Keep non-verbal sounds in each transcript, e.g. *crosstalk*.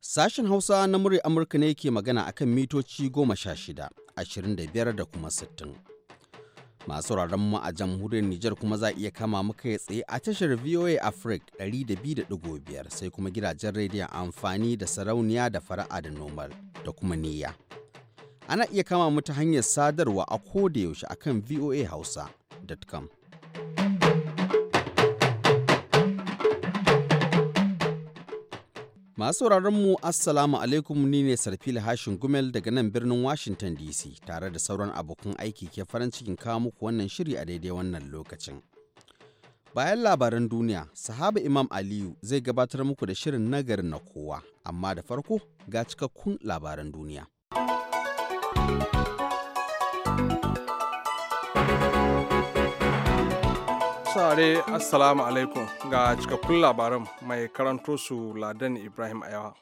Sashen Hausa na murya Amurka ne ke magana a kan mitoci goma sha shida, ashirin da biyar da kuma sittin. Masu mu a jamhuriyar Nijar kuma za iya kama muka ya tsaye a tashar VOA Africa 200.5 sai kuma gidajen rediyon amfani da sarauniya da fara'a da nomal da kuma niyya. Ana iya kama mu ta hanyar sadarwa a koda yaushe akan VOA Hausa. hausa.com. Masu mu Assalamu alaikum ni ne Sarfila Hashin Gumel daga nan birnin Washington DC tare da sauran abokan aiki ke farin cikin kawo muku wannan shiri a daidai wannan lokacin. Bayan labaran duniya, sahaba Imam Aliyu zai gabatar muku da shirin nagarin na kowa, amma da farko ga cikakkun labaran duniya. saurare assalamu alaikum ga cikakkun labaran mai karanto su ladan ibrahim ayawa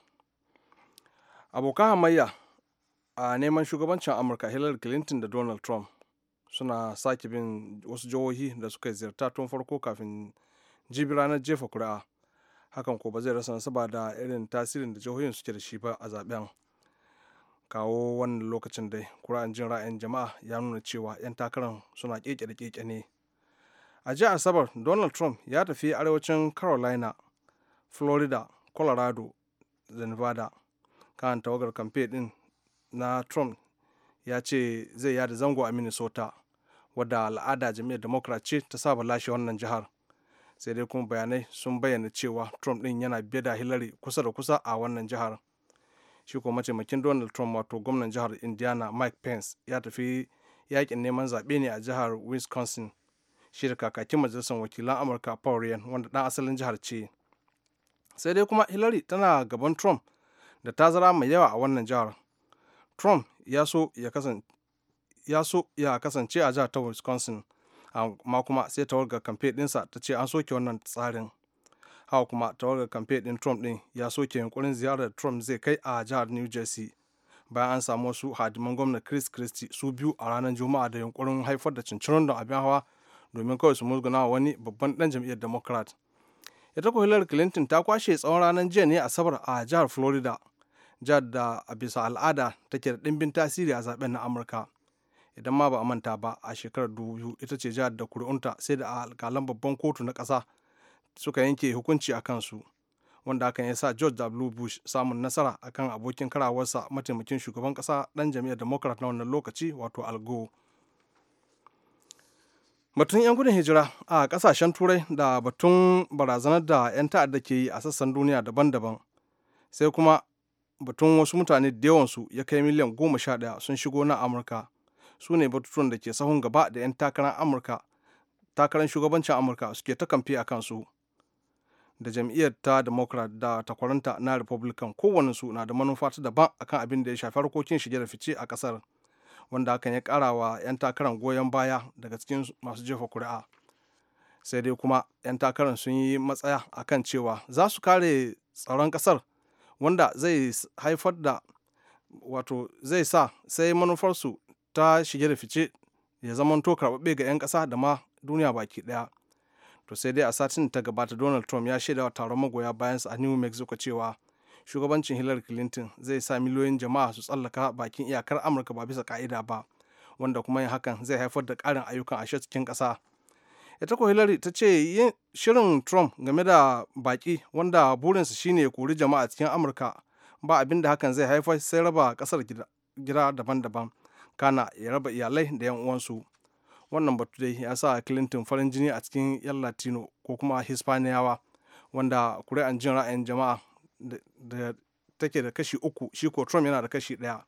abokan hamayya a neman shugabancin amurka hillary clinton da donald trump suna sake bin wasu jihohi da suka ziyarta tun farko kafin jibi ranar jefa kuri'a hakan ko ba zai rasa nasaba da irin tasirin da jihohin suke da shi ba a zaben kawo wannan lokacin dai kura'an jin ra'ayin jama'a ya nuna cewa 'yan takarar suna keke da keke ne a jiya asabar donald trump ya tafi arewacin carolina florida colorado da nevada kan tawagar kamfe din na trump ya ce zai yada zango a minnesota wadda al'ada jami'ar democrat ce ta saba lashe wannan jihar sai dai kuma bayanai sun bayyana cewa trump din yana biye da hillary kusa da kusa a wannan jihar shi kuma mataimakin donald trump wato gwamnan jihar indiana mike pence ya tafi yakin neman zaɓe ne a jihar wisconsin shi da kakakin majalisar wakilan amurka paul ryan wanda dan asalin jihar ce sai dai kuma hillary tana gaban trump da ta zara mai yawa a wannan jihar trump ya so ya kasance a jihar ta wisconsin amma kuma sai tawargar kamfe dinsa ta ce an soke wannan tsarin hawa kuma tawargar kamfe din trump din ya soke yunkurin ziyarar trump zai kai a jihar new jersey bayan an samu wasu hadiman gwamna chris christie su biyu a ranar juma'a da yunkurin haifar da cincirin don abin hawa domin kawai su musguna wa wani babban dan jam'iyyar democrat ita ko hillary clinton ta kwashe tsawon ranar jiya ne asabar a jihar florida jihar da a bisa al'ada take da ɗimbin tasiri a zaben na amurka idan ma ba a manta ba a shekarar dubu ita ce jihar da kuri'unta sai da a alkalan babban kotu na ƙasa suka yanke hukunci a kansu wanda hakan ya sa george w bush samun nasara akan abokin karawarsa mataimakin shugaban ƙasa ɗan jam'iyyar democrat na wannan lokaci wato al gore batun 'yan gudun hijira a kasashen turai da batun barazanar da 'yan ta'adda ke yi a sassan duniya daban-daban sai kuma batun wasu mutane da yawansu ya kai miliyan goma sha ɗaya sun shigo na amurka su ne batutuwan da ke sahun gaba da 'yan takarar amurka takarar shugabancin amurka suke ta kamfe a kansu da jam'iyyar ta democrat da takwaranta na republican kowanne su na da manufa ta daban akan abin da ya shafi harkokin shige da fice a kasar wanda hakan ya kara wa 'yan takarar goyon baya daga cikin masu jefa kuri'a sai dai kuma 'yan takarar sun yi matsaya a kan cewa za su kare tsaron kasar wanda zai haifar da wato zai sa sai manufarsu ta shige da fice ya zamanto karɓaɓɓe ga 'yan ƙasa da ma duniya baki ɗaya to sai dai a satin ta gabata donald trump ya shaida shaidawa taron magoya bayansa a new mexico cewa shugabancin hillary clinton zai sa miliyoyin jama'a su tsallaka bakin iyakar amurka ba bisa ka'ida ba wanda kuma yin hakan zai haifar da karin ayyukan ashe cikin kasa ita ko hillary ta ce yin shirin trump game da baki wanda burinsa shine ya kori jama'a cikin amurka ba abin da hakan zai haifar sai raba kasar gida daban-daban kana ya raba iyalai da yan uwansu wannan batu dai ya sa clinton farin jini a cikin yan latino ko kuma hispaniyawa wanda kuri'an jin ra'ayin jama'a da take da kashi uku shi ko trump yana da kashi ɗaya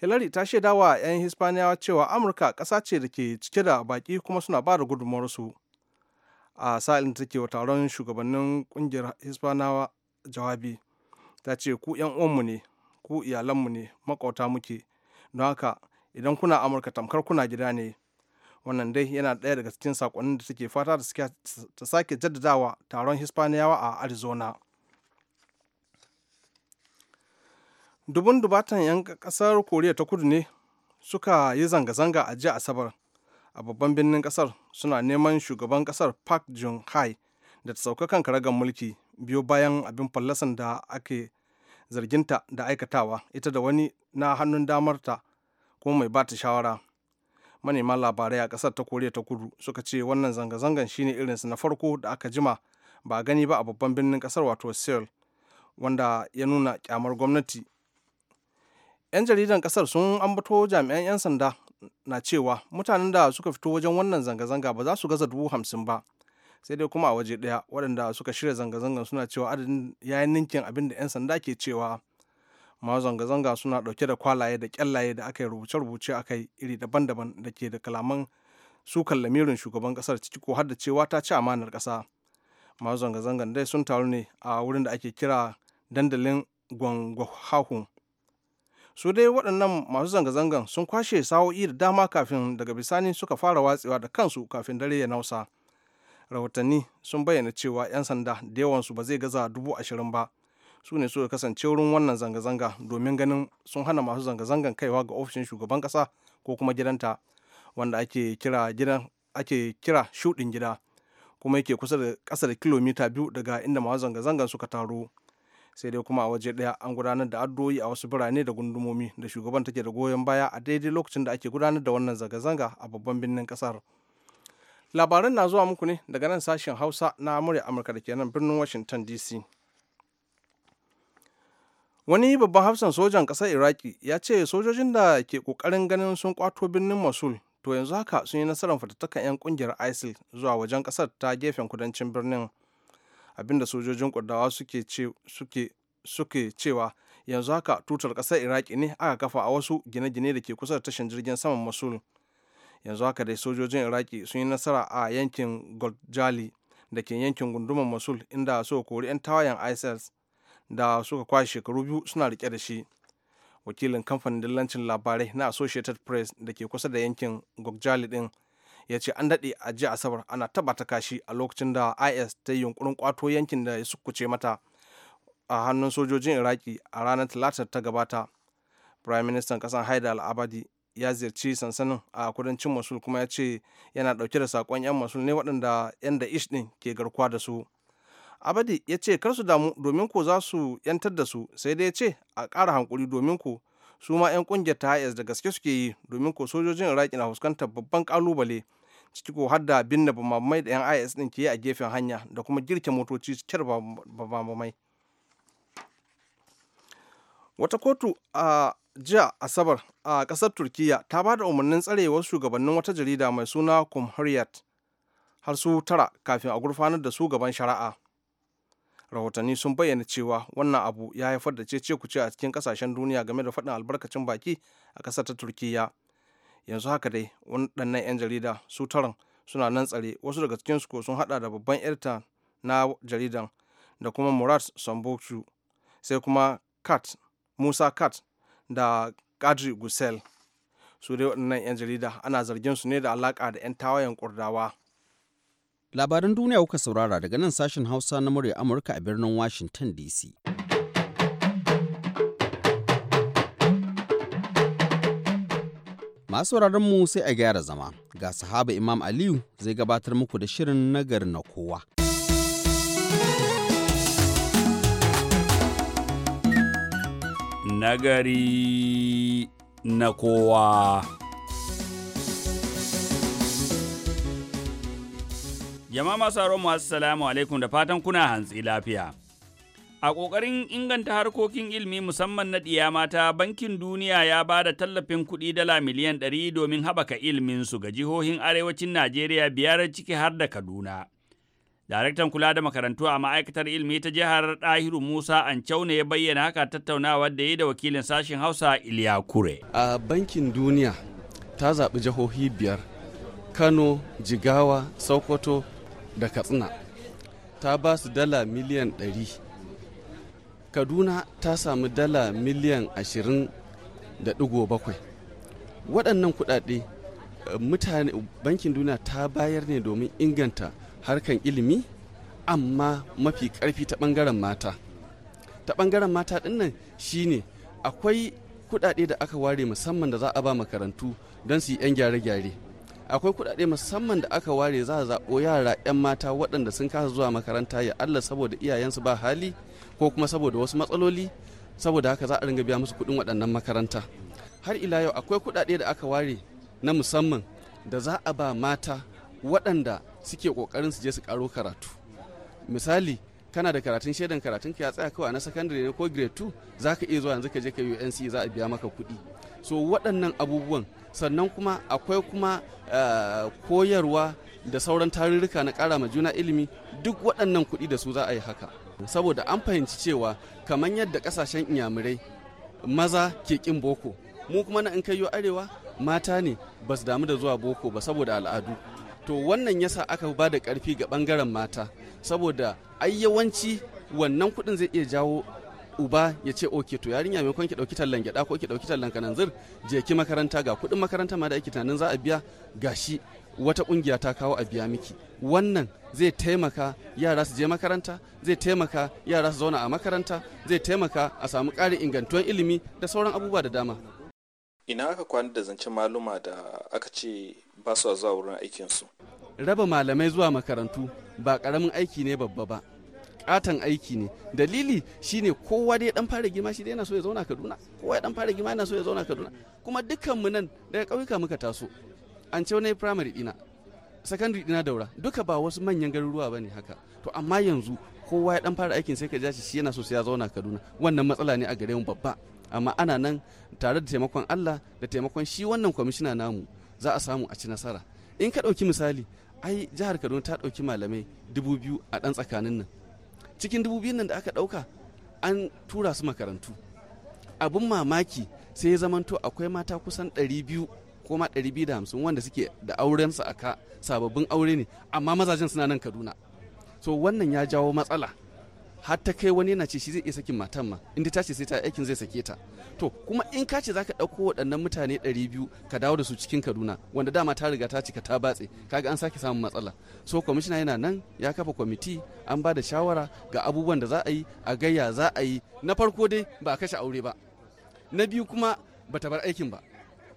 hillary ta shaida wa 'yan hispaniyawa cewa amurka ƙasa ce da ke cike da baƙi kuma suna ba da su a sa'ilin da take wa taron shugabannin ƙungiyar hispaniyawa jawabi ta ce ku 'yan uwanmu ne ku iyalanmu ne makauta muke don haka idan kuna amurka tamkar kuna gida ne wannan dai yana ɗaya daga cikin sakonnin da take fata ta sake jaddadawa taron hispaniyawa a arizona dubun dubatan 'yan kasar koriya ta kudu ne suka yi zanga-zanga a jiya asabar a babban birnin kasar suna neman shugaban kasar park jun hai da ta sauka kan karagar mulki biyu bayan abin fallasan da ake zarginta da aikatawa ita da wani na hannun damarta kuma mai bata shawara manema labarai a kasar ta koriya ta kudu suka ce wannan zanga-zangan shine irinsu na farko da aka jima ba gani ba a babban birnin kasar wato seoul wanda ya nuna kyamar gwamnati 'yan jaridan kasar sun ambato jami'an 'yan sanda na cewa mutanen da suka fito wajen wannan zanga-zanga ba za su gaza dubu hamsin ba sai dai kuma a waje daya waɗanda suka shirya zanga-zangan suna cewa adadin yayin ninkin abin da 'yan sanda ke cewa ma zanga-zanga suna ɗauke da kwalaye da ƙyallaye da aka yi rubuce-rubuce a kai iri daban-daban da ke da kalaman su kallamirin shugaban ƙasar ciki ko har da cewa ta ci amanar kasa ma zanga-zangan dai sun taru ne a wurin da ake kira dandalin gwangwahahun su dai waɗannan masu zanga-zangan sun kwashe sa'o'i da dama kafin daga bisani suka fara watsewa da kansu kafin dare ya nausa rahotanni sun bayyana cewa 'yan sanda da yawansu ba zai gaza dubu ashirin ba su ne suka kasance wurin wannan zanga-zanga domin ganin sun hana masu zanga-zangan kaiwa ga ofishin shugaban ƙasa ko kuma gidanta wanda ake kira gidan ake kira shuɗin gida kuma yake kusa da ƙasa da kilomita biyu daga inda masu zanga-zangan suka taro sai dai kuma a waje daya an gudanar da addu'o'i a wasu birane da gundumomi da shugaban take da goyon baya a daidai lokacin da ake gudanar da wannan zanga-zanga a babban birnin kasar labaran na zuwa muku ne daga nan sashen hausa na murya amurka da ke nan birnin washington dc wani babban hafsan sojan kasar iraki ya ce sojojin da ke ƙoƙarin ganin sun kwato birnin mosul to yanzu haka sun yi nasarar fatattakan 'yan ƙungiyar isil zuwa wajen ƙasar ta gefen kudancin birnin abinda sojojin kurdawa suke cewa yanzu haka tutar kasar iraki ne aka kafa a wasu gine-gine da ke kusa da tashin jirgin saman mas'ul yanzu haka dai sojojin iraki sun yi nasara a yankin goljali da ke yankin gunduman mas'ul inda suka kori 'yan tawayen isis da suka kwashe shekaru biyu suna rike da shi wakilin kamfanin dillancin labarai na associated press da ke kusa da yankin gogjali din ya ce an daɗe a jiya asabar ana taba ta kashi a lokacin da is ta yi yunkurin kwato yankin da ya sukuce mata a hannun sojojin iraki a ranar talata ta gabata prime minister kasan haida al'abadi ya ziyarci sansanin a kudancin masul kuma ya ce yana ɗauke da sakon 'yan masul ne waɗanda 'yan da ish ɗin ke garkuwa da su abadi ya ce kar su damu domin ku za su 'yantar da su sai dai ya ce a ƙara hankuri domin ku. su ma 'yan kungiyar ta is da gaske suke yi domin ko sojojin iraki na fuskantar babban kalubale ciki ko har da binne bamamai da 'yan is din ke yi a gefen hanya da kuma girke motoci cikin bamamai wata kotu a jiya asabar a kasar turkiya ta ba da umarnin tsarewar shugabannin wata jarida mai suna kumhuriyat har su tara kafin a gurfanar da su gaban shari'a rahotanni sun bayyana cewa wannan abu ya haifar da cece kuce a cikin kasashen duniya game da faɗin albarkacin baki a ƙasar ta turkiya yanzu haka dai waɗannan 'yan jarida su taron suna nan tsare wasu daga cikinsu ko sun haɗa da babban edita na jaridan da kuma murat sambocu sai kuma kat musa kat da kadri gusel su dai waɗannan 'yan jarida ana zargin su ne da alaƙa da 'yan tawayen kurdawa Labaran duniya kuka saurara daga nan sashen Hausa na murya Amurka a birnin Washington DC. Masu mu sai a gyara zama, ga sahaba Imam Aliyu zai gabatar muku da shirin nagar na kowa. Nagari na kowa. Jama'a masu sauraron mu assalamu alaikum da fatan kuna hantsi lafiya. A ƙoƙarin inganta harkokin ilimi musamman na ɗiya mata, Bankin Duniya ya ba da tallafin kuɗi dala miliyan ɗari domin haɓaka su ga jihohin arewacin Najeriya biyar ciki har da Kaduna. Daraktan kula da makarantu a ma'aikatar ilimi ta jihar Ɗahiru Musa ne ya bayyana haka tattaunawa da yi da wakilin sashen Hausa Iliya Kure. A Bankin Duniya ta zaɓi jihohi biyar Kano, Jigawa, Sokoto, da katsina ta ba su dala miliyan 100 kaduna ta samu dala miliyan 20.7 waɗannan kuɗaɗe eh, mutane bankin duniya ta bayar ne domin inganta harkan ilimi amma mafi karfi ta ɓangaren mata ta ɓangaren mata ɗinnan shine akwai kuɗaɗe da aka ware musamman da za a ba makarantu don su yi 'yan gyare-gyare akwai kuɗaɗe musamman da aka ware za a zaɓo yara 'yan mata waɗanda sun kasa zuwa makaranta ya allah saboda iyayensu ba hali ko kuma saboda wasu matsaloli saboda haka za a ringa biya musu kuɗin waɗannan makaranta har ila yau akwai kuɗaɗe da aka ware na musamman da za a ba mata waɗanda suke ƙoƙarin su je su ƙaro karatu misali kana da karatun shaidan karatun ka ya tsaya kawai na sakandare ne ko grade 2 za ka iya zuwa yanzu ka je ka UNC za a biya maka kuɗi so waɗannan abubuwan sannan kuma akwai kuma eh, koyarwa da sauran tarurruka na ƙara ma juna ilimi duk waɗannan kuɗi da su za a yi haka saboda an fahimci cewa kamar yadda ƙasashen inyamurai maza ke ƙin boko mu kuma na in kai arewa mata ne ba su damu da zuwa boko ba saboda al'adu to wannan yasa aka ba da ƙarfi ga ɓangaren mata saboda ai yawanci wannan kuɗin zai iya jawo uba ya ce oke to yarinya maimakon ki dauki tallan gyada ko ki dauki tallan kananzir je ki makaranta ga kudin makaranta ma da ake tunanin za a biya shi wata kungiya ta kawo a biya miki wannan zai taimaka yara su je makaranta zai taimaka yara su zauna a makaranta zai taimaka a samu ƙarin ingantuwan ilimi da sauran abubuwa da dama ina aka kwana da zancen maluma da aka ce ba su zuwa wurin aikinsu raba malamai zuwa makarantu ba ƙaramin aiki ne babba ba katan aiki ne dalili shine kowa dai dan fara girma shi dai yana so ya zauna Kaduna kowa dan fara girma yana so ya zauna Kaduna kuma dukkan nan daga ƙauyuka muka taso an ce wani primary dina secondary dina daura duka ba wasu manyan garuruwa bane haka to amma yanzu kowa ya dan fara aikin sai ka ji shi yana so sai ya zauna Kaduna wannan matsala ne a gare mu babba amma ana nan tare da taimakon Allah da taimakon shi wannan kwamishina namu za a samu a ci nasara in ka ɗauki misali ai jihar Kaduna ta ɗauki malamai dubu biyu a ɗan tsakanin nan cikin dubu biyun nan da aka ɗauka an tura su makarantu Abun mamaki sai ya zamanto akwai mata kusan ɗari biyu ko ma ɗari biyu da hamsin wanda suke da aurensu a ka sababbin aure ne amma mazajen suna nan kaduna so wannan ya jawo matsala har ta kai wani yana ce shi zai iya sakin matan ma inda ta ce sai ta aikin zai sake ta to kuma in ka ce za ka ɗauko waɗannan mutane 200 ka dawo da su cikin Kaduna wanda dama ta riga ta cika ta batse kaga an sake samun matsala so kwamishina yana nan ya kafa kwamiti an ba da shawara ga abubuwan da za a yi a gayya za a yi na farko dai ba a kashe aure ba na biyu kuma ba ta bar aikin ba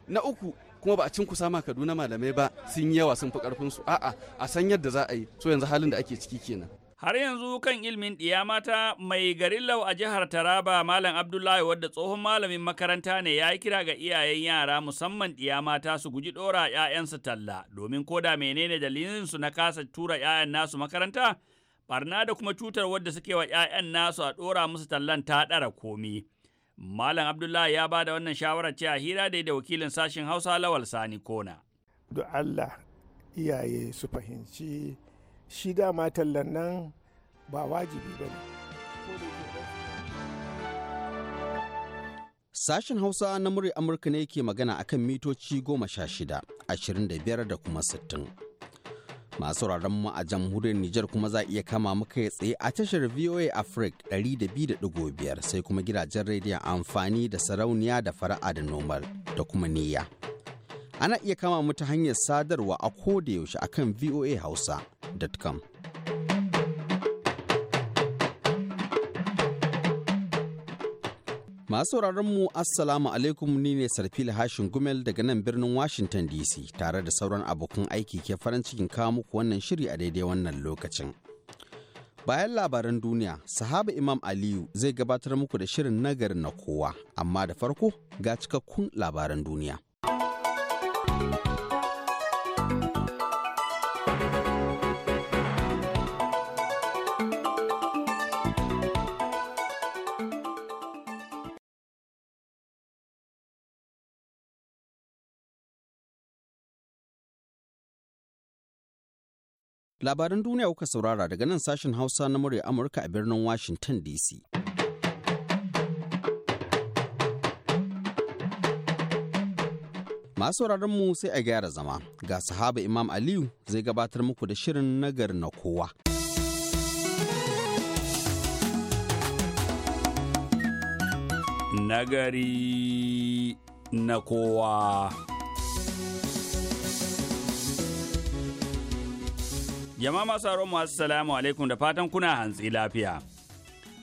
na uku kuma ba a cin kusa ma Kaduna malamai ba sun yawa sun fi karfin su a'a a san yadda za a yi so yanzu halin da ake ciki kenan Har yanzu kan ilmin ɗiya mata mai garin lau a jihar Taraba Malam Abdullahi wadda tsohon malamin makaranta ne ya yi kira ga iyayen yara musamman ɗiya mata su guji ɗora ‘ya'yansu talla domin koda menene dalilinsu na kasa tura ‘ya'yan nasu makaranta barna da kuma cutar wadda suke wa ‘ya'yan nasu a ɗora musu tallan ta ɗara komi. Malam Abdullahi ya ba da wannan shawarar a hira da wakilin sashen Hausa Lawal Sani Kona. Allah iyaye su fahimci shi dama tallan nan ba wajibi ba ne. Sashen Hausa na murya Amurka ne ke magana akan mitoci goma sha shida, ashirin da biyar da kuma sittin. Masu mu a jamhuriyar Nijar kuma za a iya kama muka ya tsaye a tashar VOA Africa biyar, sai kuma gidajen rediyon amfani da sarauniya da fara'a da nomal da kuma niyya. ana iya kama mu ta hanyar sadarwa a ko da yaushe a akan voahausa.com. Masu mu Assalamu alaikum ni ne Sarfila Hashin Gumel daga nan birnin Washington DC tare da sauran abokan aiki ke farin cikin kawo muku wannan shiri a daidai wannan lokacin. Bayan labaran duniya, sahaba Imam Aliyu zai gabatar muku da shirin nagari na kowa, amma da farko ga cikakkun labaran duniya. Labaran duniya kuka saurara daga nan sashen Hausa na murya Amurka a birnin Washington DC. Masu mu sai a gyara zama, ga sahaba Imam Aliyu zai gabatar muku da shirin nagar na kowa. Nagari na kowa. Jama'a masu mu assalamu alaikum da fatan kuna hantsi lafiya.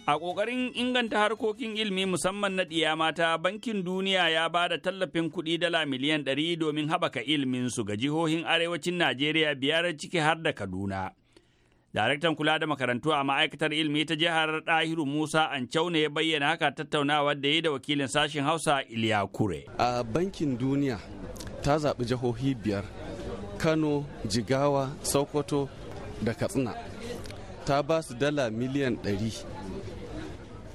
A ƙoƙarin inganta harkokin ilmi musamman na ɗiya mata, Bankin Duniya ya ba da tallafin kuɗi dala miliyan ɗari domin haɓaka su ga jihohin arewacin Najeriya biyar ciki har da Kaduna. Daraktan kula da makarantu a ma'aikatar ilmi ta jihar Ɗahiru Musa Ancau ne ya bayyana haka tattaunawa da ya da wakilin sashen Hausa Iliya Kure. A Bankin Duniya ta zaɓi jihohi biyar Kano, Jigawa, Sokoto da Katsina. Ta ba su dala miliyan ɗari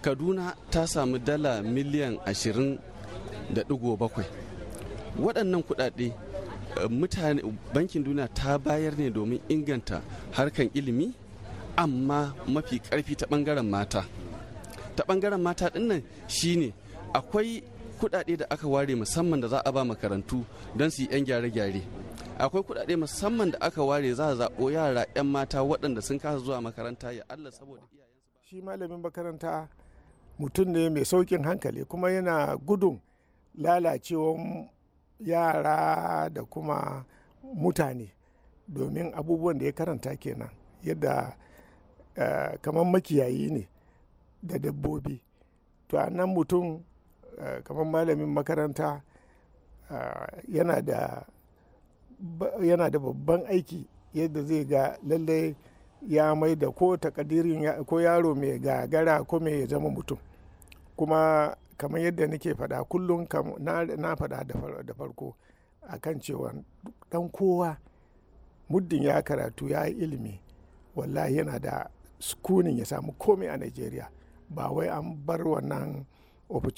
kaduna ta samu dala miliyan 20.7 waɗannan kuɗaɗe eh, mutane bankin duniya ta bayar ne domin inganta harkan ilimi amma mafi ƙarfi ta ɓangaren mata ta ɓangaren mata ɗinnan shine akwai kuɗaɗe da aka ware musamman da za a ba makarantu don su yi 'yan gyare-gyare akwai kuɗaɗe musamman da aka ware za a zaɓo yara 'yan mata waɗanda sun kasa zuwa makaranta ya allah saboda iyayensu shi malamin makaranta mutum ne mai saukin hankali kuma yana gudun lalacewan yara da kuma mutane domin abubuwan da ya karanta kenan yadda uh, kamar makiyayi ne da dabbobi to a nan mutum uh, kamar malamin makaranta uh, yana da yana da babban aiki yadda zai ga lallai ya mai da ko takadirin ko yaro mai gagara ko mai ya zama mutum kuma kamar yadda nake faɗa kullum na faɗa da farko a kan cewa ɗan kowa muddin ya karatu ya yi ilimi wallahi yana da sukunin ya samu komai a nigeria ba wai an bar wannan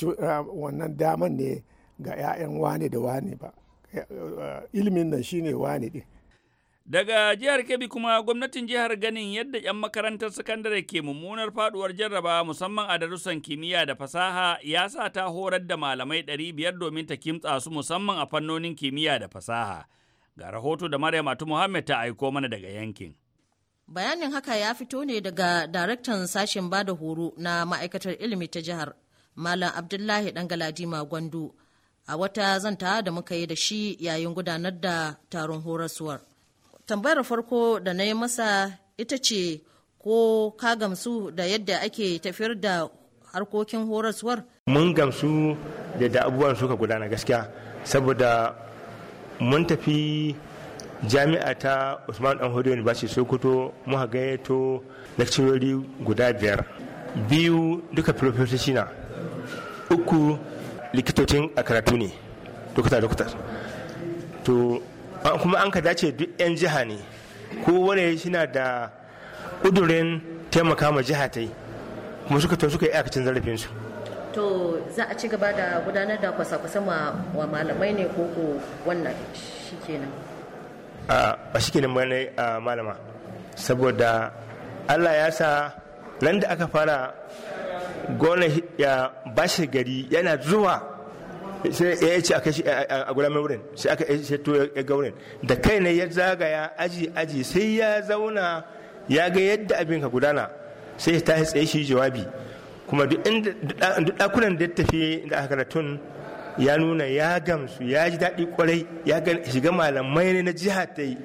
eh, wannan daman ne ga 'ya'yan wane da wane ba eh, eh, ilimin nan shine wane din Daga jihar Kebbi kuma gwamnatin jihar ganin yadda 'yan makarantar sakandare ke mummunar faduwar jarraba musamman a darussan kimiyya da fasaha ya sa ta horar da malamai 500 domin ta kimtsa su musamman a fannonin kimiyya da fasaha. Ga rahoto da Maryam Atu Muhammad ta aiko mana daga yankin. Bayanin haka ya fito ne daga daraktan sashen bada horo na ma'aikatar ilimi ta jihar Malam Abdullahi Dangaladima Gwandu a wata zanta da muka yi da shi yayin gudanar da taron horaswar. tambayar farko da na yi masa ita ce ko ka gamsu da yadda ake tafiyar da harkokin horaswar mun gamsu da abubuwan suka gudana gaskiya saboda mun tafi jami'a ta usman dan hudu university sokoto muka gayyato lakcirori guda biyar biyu duka profesoci na uku likitocin a karatu ne dokta dokta to kuma an ka dace duk 'yan jiha ne ko shi shina da ƙudurin taimaka ma jiha ta yi kuma suka to suka yi aikacin zarafinsu to za a ci gaba da gudanar da kwasa-kwasa wa malamai ne ko ko wannan shi a ba shi kenan bane malama saboda allah ya sa nan da aka fara gona ya bashi gari yana zuwa sai ya ce a kashi a gudan sai aka ce to ya wurin da kai ne ya zagaya aji aji sai ya zauna ya ga yadda abin ka gudana sai ya yi tsaye shi jawabi kuma duk ɗakunan da ya tafi da aka karatun ya nuna ya gamsu ya ji daɗi kwarai ya shiga malamai ne na jiha ta yi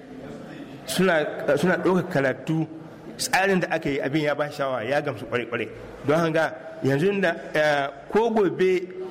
suna ɗaukar karatu tsarin da aka yi abin ya ba shawa ya gamsu kwarai kwarai don hanga yanzu da eh, ko gobe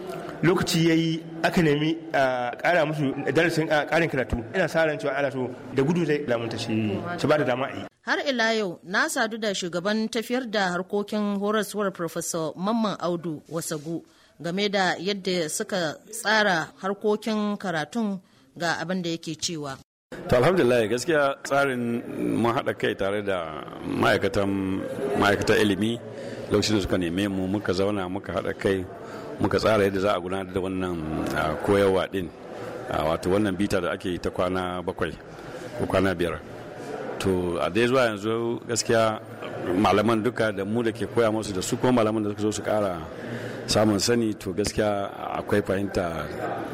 lokaci ya yi aka nemi a ƙara musu darasin ƙarin karatu ina sa ran cewa ana so da gudu zai lamunta shi su ba da dama a yi. har ila yau na sadu da shugaban tafiyar da harkokin horaswar professor mamman audu wasagu game da yadda suka tsara harkokin karatun ga abin da yake cewa to alhamdulillah gaskiya tsarin mun haɗa kai tare da ma'aikatan ma'aikatan ilimi lokacin da suka neme mu muka zauna muka haɗa kai muka tsara yadda za a gudanar da wannan koyarwa din wato wannan bita da ake ta kwana bakwai ko kwana biyar to a dai zuwa yanzu gaskiya malaman duka da mu da ke koya musu da su kuma malaman da suka zo su kara samun sani to gaskiya akwai fahimta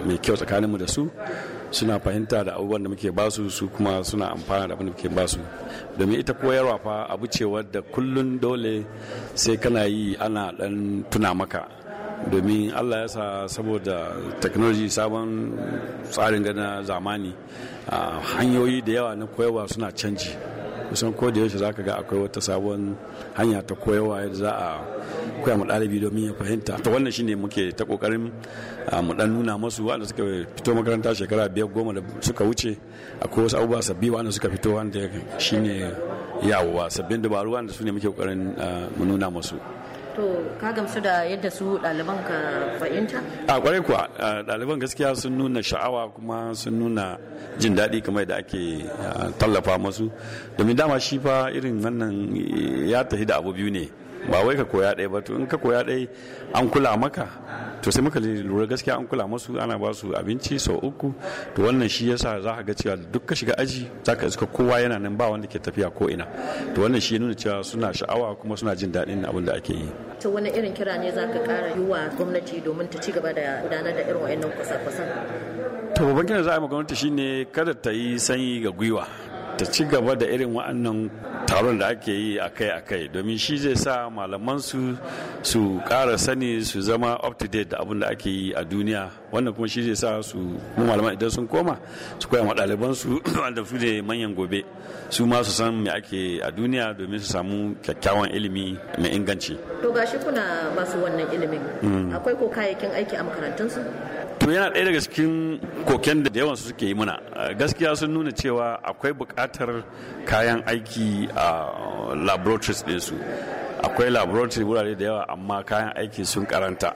mai kyau tsakaninmu da su suna fahimta da abubuwan da muke basu su kuma suna amfana da abin da muke basu domin ita koyarwa fa abu ce wadda kullun dole sai kana yi ana dan tuna maka domin allah ya sa saboda technology sabon tsarin gana zamani hanyoyi da yawa na koyarwa suna canji kusan ko da yaushe za ka ga akwai wata sabon hanya ta koyarwa yadda za a koya mu ɗalibi domin ya fahimta ta wannan shine muke ta kokarin mu dan nuna masu wanda suka fito makaranta shekara biyar goma da suka wuce akwai wasu abubuwa sabbi wanda suka fito wanda shine yawowa sabbin dabaru wanda su ne muke kokarin mu nuna masu ka gamsu da yadda su ɗaliban a kwarai kuwa ɗaliban gaskiya sun nuna sha'awa kuma sun nuna jin daɗi kamar da ake tallafa masu domin dama shi fa irin wannan ya tafi da abu biyu ne ba wai ka koya ɗaya ba to in ka koya ɗaya an kula maka to sai muka lura gaskiya an kula masu ana ba su abinci sau uku to wannan shi yasa za ka ga cewa duk ka shiga aji za ka iska kowa yana nan ba wanda ke tafiya ko ina to wannan shi ya nuna cewa suna sha'awa kuma suna jin daɗin abin da ake yi to wani irin kira ne za ka ƙara yi wa gwamnati domin ta ci gaba da gudanar da irin wa'annan kwasa-kwasan to babban kiran za a yi ma gwamnati shine kada ta yi sanyi ga gwiwa ta ci gaba da irin wa'annan taron da ake yi a kai a kai, domin shi zai sa malamansu su kara sani su zama up to date da abin da ake yi a duniya wannan kuma shi zai sa su malaman idan sun koma su koya ma ɗalibansu *clears throat* wanda su ne manyan gobe su ma su san me ake a duniya domin su samu kyakkyawan ilimi mai inganci to gashi kuna masu wannan ilimin mm. akwai ko kayayyakin aiki a makarantunsu yana ɗaya daga cikin koken da yawan suke yi mana gaskiya sun nuna cewa akwai buƙatar kayan aiki a laboratories ɗinsu akwai laboratory wurare da yawa amma kayan aiki sun karanta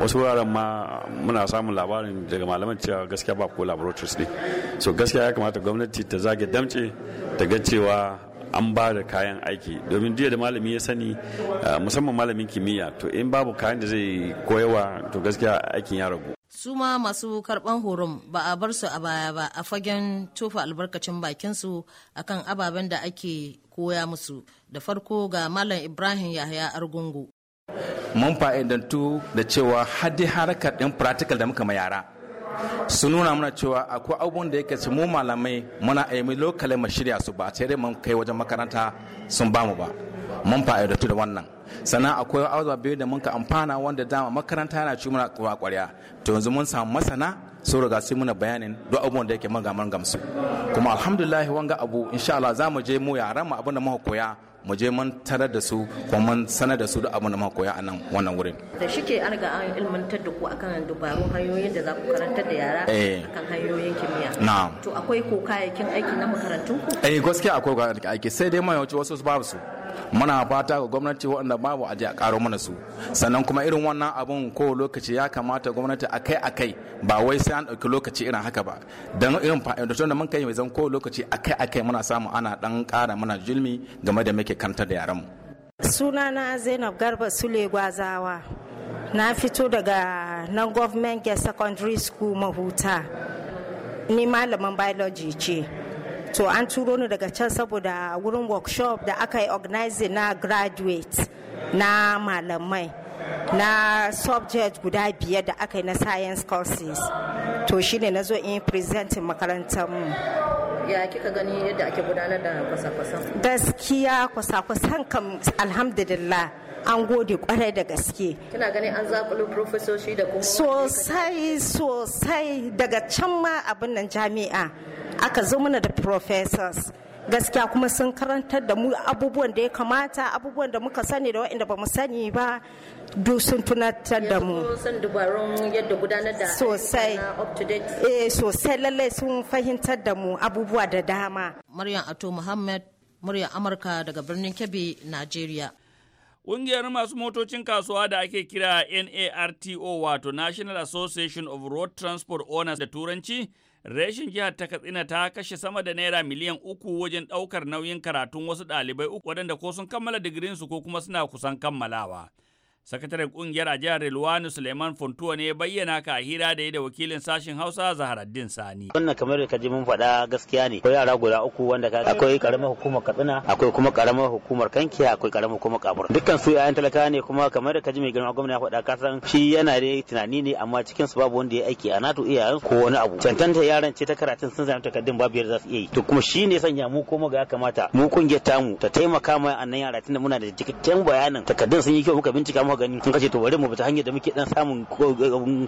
wasu wuraren ma muna samun labarin daga malaman cewa gaskiya ba ko laboratories ne so gaskiya ya kamata gwamnati ta zage damce ta ga cewa an ba da kayan aiki domin jiya da malami ya sani ah, musamman malamin kimiyya to in babu kayan da zai koyawa to gaskiya aikin ya ragu su ma masu karban horon ba a bar su a baya ba a fagen tofa albarkacin bakin su akan ababen da ake koya musu da farko ga malam ibrahim yahaya argungu mun fa'idantu da cewa hadi harkar din practical da muka ma yara su nuna mana cewa akwai abubuwan da yake su mu malamai muna aimi eh, lokale mu shirya su ba sai dai mun kai wajen makaranta sun bamu ba mun fa da wannan sannan akwai abubuwa biyu da mun ka amfana wanda dama makaranta yana ci muna kwa kwarya to yanzu mun samu masana sun riga sai muna bayanin duk abubuwan da yake mun gamar gamsu kuma alhamdulillah wanga abu insha Allah za mu je mu yaran mu abin da muka koya mu je mun tarar da su kuma mun sanar da su da abin da muka koya a nan wannan wurin da shike an ga an ilmantar da ku akan dubarun hanyoyin da za ku karantar da yara eh. akan hanyoyin kimiyya na'am to akwai ko kayayyakin aiki na makarantun ku eh gaskiya akwai kayayyakin aiki sai dai mai wasu babu su muna fata ga gwamnati waɗanda babu aje a karo mana su sannan kuma irin wannan abun ko lokaci ya kamata gwamnati akai akai ba wai sai an ɗauki lokaci irin haka ba don irin fa'idatun da mun kai mai zan ko lokaci akai akai muna samu ana ɗan kara mana julmi game da muke kantar da yaran mu sunana zainab garba sule gwazawa na fito daga nan government secondary school mahuta ni malamin biology ce to an turo ni daga can saboda wurin workshop da aka yi organizing na graduate na malamai na subject guda biyar da aka yi na science courses to shine na zo in present makarantar mu ya kika gani yadda ake gudanar da kwasa-kwasan gaskiya kwasa-kwasan kam alhamdulillah an gode kwarai da gaske kina ganin an zaɓulu profesoshi da kuma sosai sosai daga can ma abin nan jami'a aka zo mana da professors gaskiya kuma sun karantar da mu abubuwan da ya kamata abubuwan da muka sani da waɗanda ba mu sani ba duk sun tunatar da mu eh, sosai lallai sun fahimtar da mu abubuwa da dama maryam ato muhammad murya amurka daga birnin kebbi nigeria Ƙungiyar masu motocin kasuwa da ake kira NARTO wato National Association of Road Transport Owners da Turanci Reshin jihar ta Katsina ta kashe sama da naira miliyan uku wajen ɗaukar nauyin karatun wasu ɗalibai uku waɗanda ko sun kammala digirinsu ko kuma suna kusan kammalawa. Sakataren kungiyar a jihar Rilwani Suleiman Funtuwa ne bayyana ka a hira da ya da wakilin sashen Hausa Zaharaddin Sani. Wannan kamar da kaji mun faɗa gaskiya ne. Akwai yara guda uku wanda ka akwai karamar hukumar Katsina, akwai kuma karamar hukumar Kanki, akwai karamar hukumar Kabur. Dukkan su yayan talaka ne kuma kamar da kaji mai girma gwamna ya faɗa kasan shi yana da tunani ne amma cikin su babu wanda ya aiki a NATO iyayen ko wani abu. Cantanta yaran ce ta karatun sun zama takardun babu yadda za su iya yi. To kuma shi ne sanya mu ko ga kamata mu kungiyar tamu ta taimaka ma annan yara tunda muna da cikakken bayanin takardun sun yi kyau muka bincika mu gani in kace to bari mu bi hanyar da muke dan samun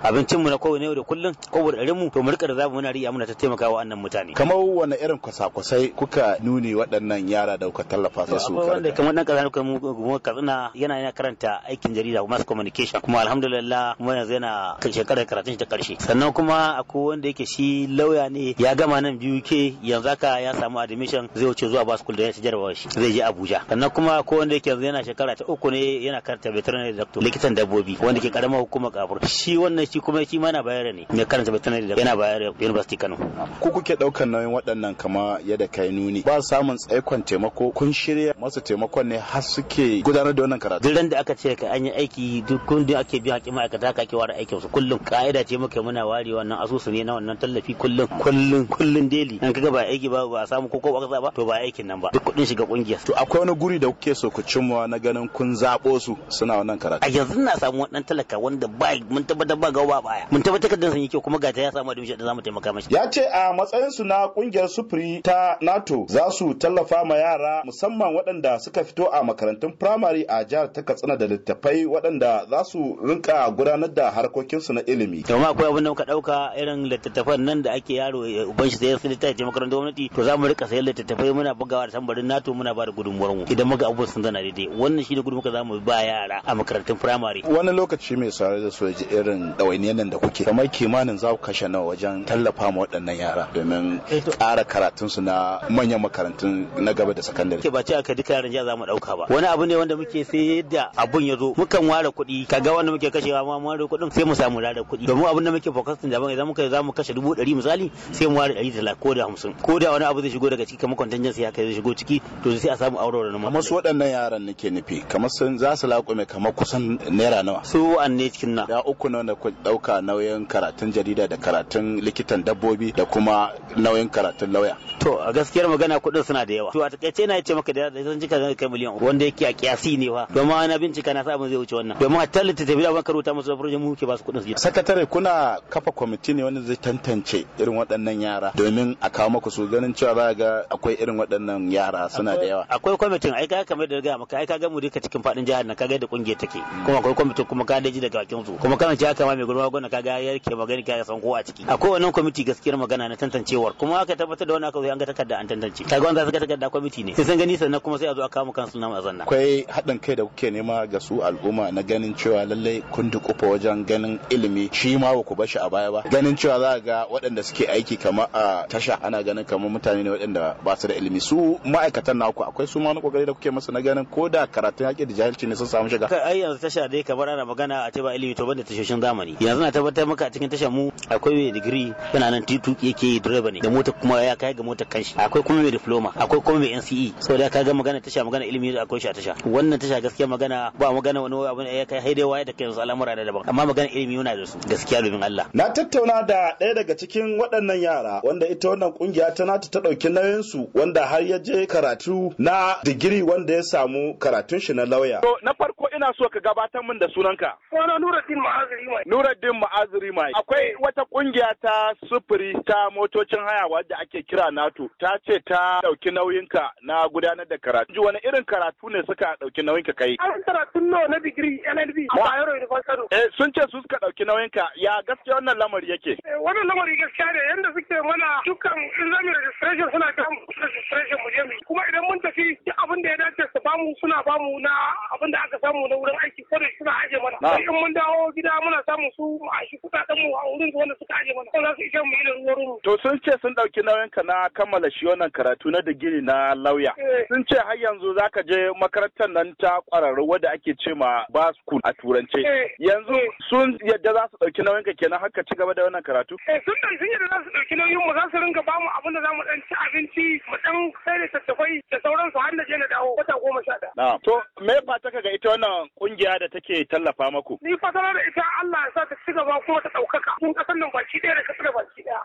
abincin mu na kowane yau da kullun ko da mu to mu rika da zamu muna riya muna ta taimakawa wannan mutane kamar wani irin kwasa-kwasai kuka nuni waɗannan yara da kuka tallafa su su wanda kamar dan kaza kuma katsina yana yana karanta aikin jarida mass communication kuma alhamdulillah kuma yanzu yana shekarar karatun shi ta karshe sannan kuma akwai wanda yake shi lauya ne ya gama nan biyu ke yanzu haka ya samu admission zai wuce zuwa ba school da ya ci jarabawa shi zai je Abuja sannan kuma akwai wanda yake yanzu yana shekara ta uku ne yana karanta veterinary doctor likitan dabbobi wanda ke karamar hukumar kafur shi wannan shi kuma shi ma na bayar ne mai karanta veterinary da yana bayar university Kano ku kuke daukan nauyin waɗannan kama yadda kai nuni ba samun tsaikon taimako kun shirya masu taimakon ne har suke gudanar da wannan karatu duk da aka ce ka an yi aiki duk kundin ake biya haƙi ma'aikata ka ake ware aikin su kullum ka'ida ce muke muna ware wannan asusu ne na wannan tallafi kullum kullum kullum daily an kaga ba aiki ba ba samu ko ko ba to ba aikin nan ba duk kudin shiga kungiya to akwai wani guri da kuke so ku cimma na ganin kun zabo su suna wannan karatu a yanzu na samu wadan talaka wanda ba mun tabbatar ba gawa baya mun tabbatar da sun yi kyau kuma gata ya samu admission da zamu taimaka mashi ya ce a matsayin su na kungiyar sufuri ta NATO za su tallafa ma yara musamman waɗanda suka fito a makarantun primary a jihar ta Katsina da littattafai waɗanda za su rinka gudanar da harkokinsu na ilimi to ma akwai abin da muka dauka irin littattafan nan da ake yaro eh, uban shi sai ta littafi makarantun gwamnati to za mu rika sayan littattafai muna bugawa da tambarin NATO muna ba da gudunmuwar mu idan muka abubuwan sun zana daidai wannan shi da za mu ba yara a makarantun makarantun firamare wani lokaci mai sauri da soji irin ɗawainiyar nan da kuke kamar kimanin za ku kashe nawa wajen tallafa ma waɗannan yara domin eh, ƙara karatunsu na manyan makarantun na gaba da sakandare ke ba ce aka duka yaran jiya za mu ɗauka ba wani abu ne wanda muke sai yadda abun ya zo mukan ware kuɗi kaga wanda muke kashewa ma ware kuɗin sai mu samu da kuɗi domin abin da muke forecasting daban idan muka za mu kashe dubu ɗari misali sai mu ware ɗari talatin ko da hamsin ko da wani abu zai shigo daga ciki kamar contingent sai haka zai shigo ciki to sai a samu aure wani. kamar su waɗannan yaran nake nufi kamar sun za su laƙume kamar kusan naira nawa su wa'anne cikin nan da uku na ku dauka nauyin karatun jarida da karatun likitan dabbobi da kuma nauyin karatun lauya to a gaskiyar magana kuɗin suna da yawa to a takaice na yace maka da zan jika zan kai miliyan wanda yake a kiyasi ne fa domin ana bincika na sabon zai wuce wannan domin hatta littattafai da ban karuta musu da mu ke ba su kuɗin su sakatare kuna kafa kwamiti ne wanda zai tantance irin waɗannan yara domin a kawo maku su ganin cewa za ga akwai irin waɗannan yara suna da yawa akwai kwamitin ai ka kamar da ga maka ai ka ga mu duka cikin faɗin jihar nan ka ga da kungiyar take kuma akwai kwamitin kuma daji daga bakin su kuma kana haka ma mai gurma gwamna kaga ya ke magani kaga san ko a ciki akwai wannan kwamiti gaskiyar magana na tantancewar kuma aka tabbatar da wannan aka zo an ga takarda an tantance kaga wanda suka takarda kwamiti ne sai san gani sannan kuma sai a zo a kama kansu na mazanna akwai haɗin kai da kuke nema ga su al'umma na ganin cewa lallai kun dukufa wajen ganin ilimi shi ma ba ku bashi a baya ba ganin cewa za ga waɗanda suke aiki kamar a tasha ana ganin kamar mutane ne waɗanda ba su da ilimi su ma'aikatan naku akwai su ma na kokari da kuke masa na ganin ko da karatun yaƙi da jahilci ne sun samu shiga yanzu tasha dai kamar ana magana a ce ba ilimi to banda tashoshin zamani yanzu na tabbatar maka a cikin tashar mu akwai mai digiri yana nan titu yake yi direba ne da mota kuma ya kai ga mota kanshi akwai kuma mai diploma akwai kuma mai NCE saboda ka ga magana tasha magana ilimi da akwai shi a tasha wannan tasha gaskiya magana ba magana wani ne ya kai haidai waye da kai yanzu al'amura da daban amma magana ilimi yana da su gaskiya domin Allah na tattauna da ɗaya daga cikin waɗannan yara wanda ita wannan kungiya ta nata ta ɗauki nauyin su wanda har ya je karatu na digiri wanda ya samu karatun shi na lauya to na farko ina so zo ka gabatar min da sunanka. Suna Nuruddin Ma'aziri Mai. Nuruddin Ma'aziri Mai. Akwai wata kungiya ta sufuri ta motocin haya wadda ake kira NATO ta ce ta ɗauki nauyinka na gudanar da karatu. Ji wani irin karatu ne suka ɗauki nauyinka kai? An karatu no na digiri NLB a Bayero University. Eh sun ce su suka ɗauki nauyinka ya gaskiya wannan lamari yake. Eh, wannan lamari gaskiya ne yanda suke mana dukkan in zamu registration suna kan registration mu je mu kuma idan mun tafi duk abin da ya dace su bamu suna bamu na abin da aka samu na wurin aiki ko da suna aje mana sai in mun dawo gida muna samun su a shi kudaden mu a wurin wanda suka aje mana ko za su ishe mu idan ruwan mu to sun ce sun dauki nauyin ka na kammala shi wannan karatu na digiri na lauya eh. sun ce har yanzu zaka je makarantar nan ta kwararru wadda ake ce ma ba school a turance eh. yanzu eh. sun yadda za su dauki nauyin ka kenan har ka ci gaba da wannan karatu eh sun dan sun yadda za su dauki nauyin mu za su ringa ba mu abin da za mu dan ci abinci mu dan sai da tattafai da sauransu har na je na dawo wata goma sha ɗaya to me ba ta ga ita wannan kungiya da take tallafa maku? Ni fatara da ita Allah ya sa ta ci gaba kuma ta ɗaukaka. Mun ƙasar nan baki ɗaya da ƙasar baki ɗaya.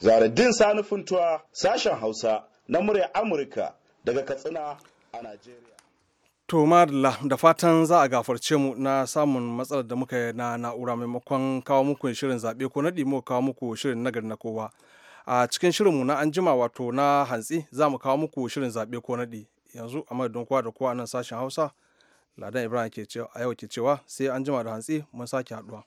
Zaradin Sani Funtuwa sashen Hausa na murya Amurka daga Katsina a Najeriya. To madalla da fatan za a gafarce mu na samun matsalar da muka na na'ura maimakon kawo muku shirin zaɓe ko naɗi mu kawo muku shirin nagari na kowa. A cikin shirinmu na anjima wato na hantsi za mu kawo muku shirin zaɓe ko naɗi yanzu a madadin kowa da kowa nan sashen Hausa Ladan Ibrahim a yau ke cewa sai an jima da hantsi mun sake haduwa.